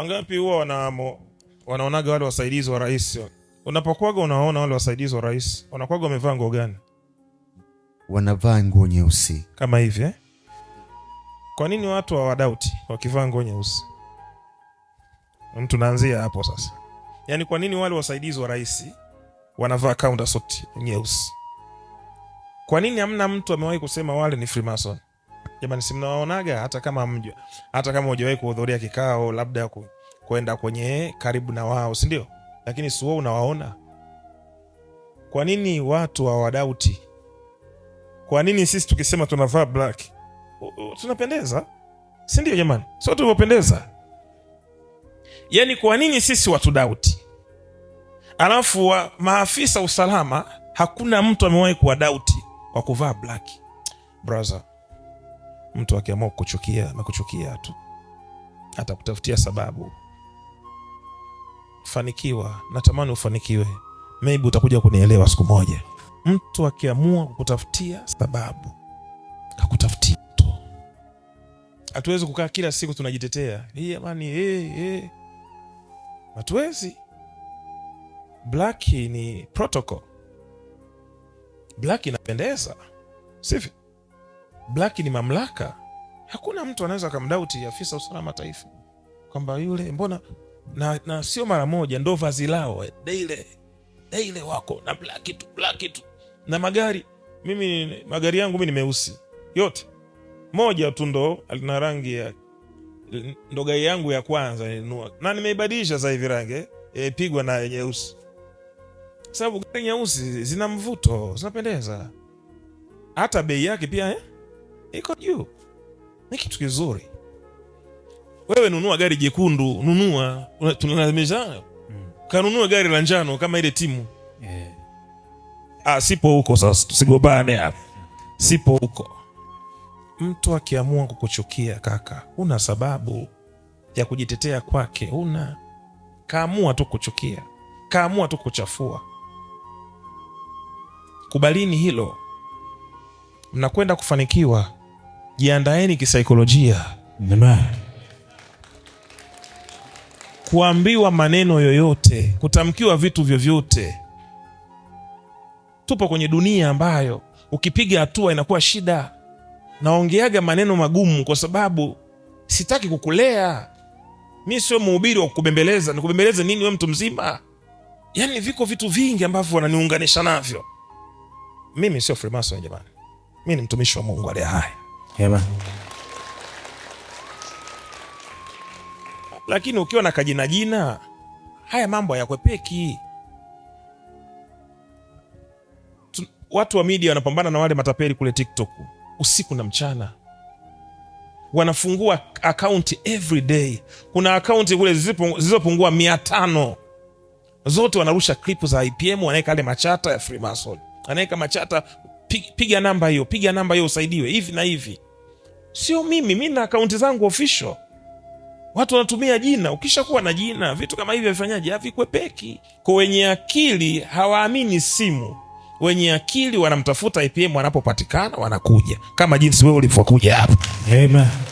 Wangapi huwa wana, wanaonaga wale wasaidizi wa rais? Unapokuwaga unaona wale wasaidizi wa rais wanakuwaga wamevaa nguo gani? Wanavaa nguo nyeusi kama hivi eh? Kwa nini watu hawadauti wakivaa nguo nyeusi? naanzia hapo sasa. Yaani, kwa nini wale wasaidizi wa rais wanavaa kaunda suit nyeusi? Kwa nini hamna mtu amewahi kusema wale ni Freemason? jamani, simnawaonaga hata kama mjua, hata kama hujawahi kuhudhuria kikao, labda ku, kwenda kwenye karibu na wao, si ndio? Lakini si unawaona. Kwa nini watu hawadauti? Kwa nini sisi tukisema tunavaa black tunapendeza, si ndio? Jamani, sio tunavyopendeza? Yani kwa nini sisi watu dauti? Alafu wa, maafisa usalama hakuna mtu amewahi kuwadauti kwa kuvaa black brother mtu akiamua kukuchukia amekuchukia tu, atakutafutia sababu. Fanikiwa, natamani ufanikiwe, maybe utakuja kunielewa siku moja. Mtu akiamua kukutafutia sababu, akutafutia tu. Hatuwezi kukaa kila siku tunajitetea hii amani, eh, hatuwezi. Black ni protocol, black inapendeza, sivyo? Blaki ni mamlaka, hakuna mtu anaweza akamdauti afisa usalama taifa kwamba yule mbona na, na sio mara moja, ndo vazi lao eh, daile daile, wako na blaki tu blaki tu na magari. Mimi magari yangu mi ni meusi yote, moja tu ndo na rangi ya ndo gari yangu ya kwanza nua na nimeibadilisha sa hivi rangi ipigwa eh, eh, na nyeusi, sababu gari nyeusi zina mvuto, zinapendeza, hata bei yake pia eh? iko juu, ni kitu kizuri. Wewe nunua gari jekundu, nunua, tunalazimishana mm. kanunua gari la njano kama ile timu yeah. Ah, sipo huko sasa, tusigobane hapa, sipo huko. Mtu akiamua kukuchukia kaka, una sababu ya kujitetea kwake, una kaamua tu kuchukia, kaamua tu kuchafua. Kubalini hilo, mnakwenda kufanikiwa jiandaeni kisaikolojia kuambiwa maneno yoyote kutamkiwa vitu vyovyote tupo kwenye dunia ambayo ukipiga hatua inakuwa shida naongeaga maneno magumu kwa sababu sitaki kukulea mi sio muubiri wa kukubembeleza nikubembeleze nini we mtu mzima yaani viko vitu vingi ambavyo wananiunganisha navyo mimi sio freemason jamani mi ni mtumishi wa mungu aliye hai Hema. Lakini ukiwa na kajina jina haya mambo hayakwepeki. Watu wa media wanapambana na wale matapeli kule TikTok usiku na mchana, wanafungua akaunti every day. Kuna akaunti kule zilizopungua mia tano zote wanarusha klipu za IPM, wanaweka ale machata ya Freemason, anaweka machata piga namba hiyo, piga namba hiyo usaidiwe hivi na hivi. Sio mimi, mi na akaunti zangu ofisho Watu wanatumia jina. Ukishakuwa na jina, vitu kama hivi vifanyaje, havikwepeki. Kwa wenye akili hawaamini simu, wenye akili wanamtafuta IPM, wanapopatikana wanakuja, kama jinsi wewe ulivyokuja hapa. Amen.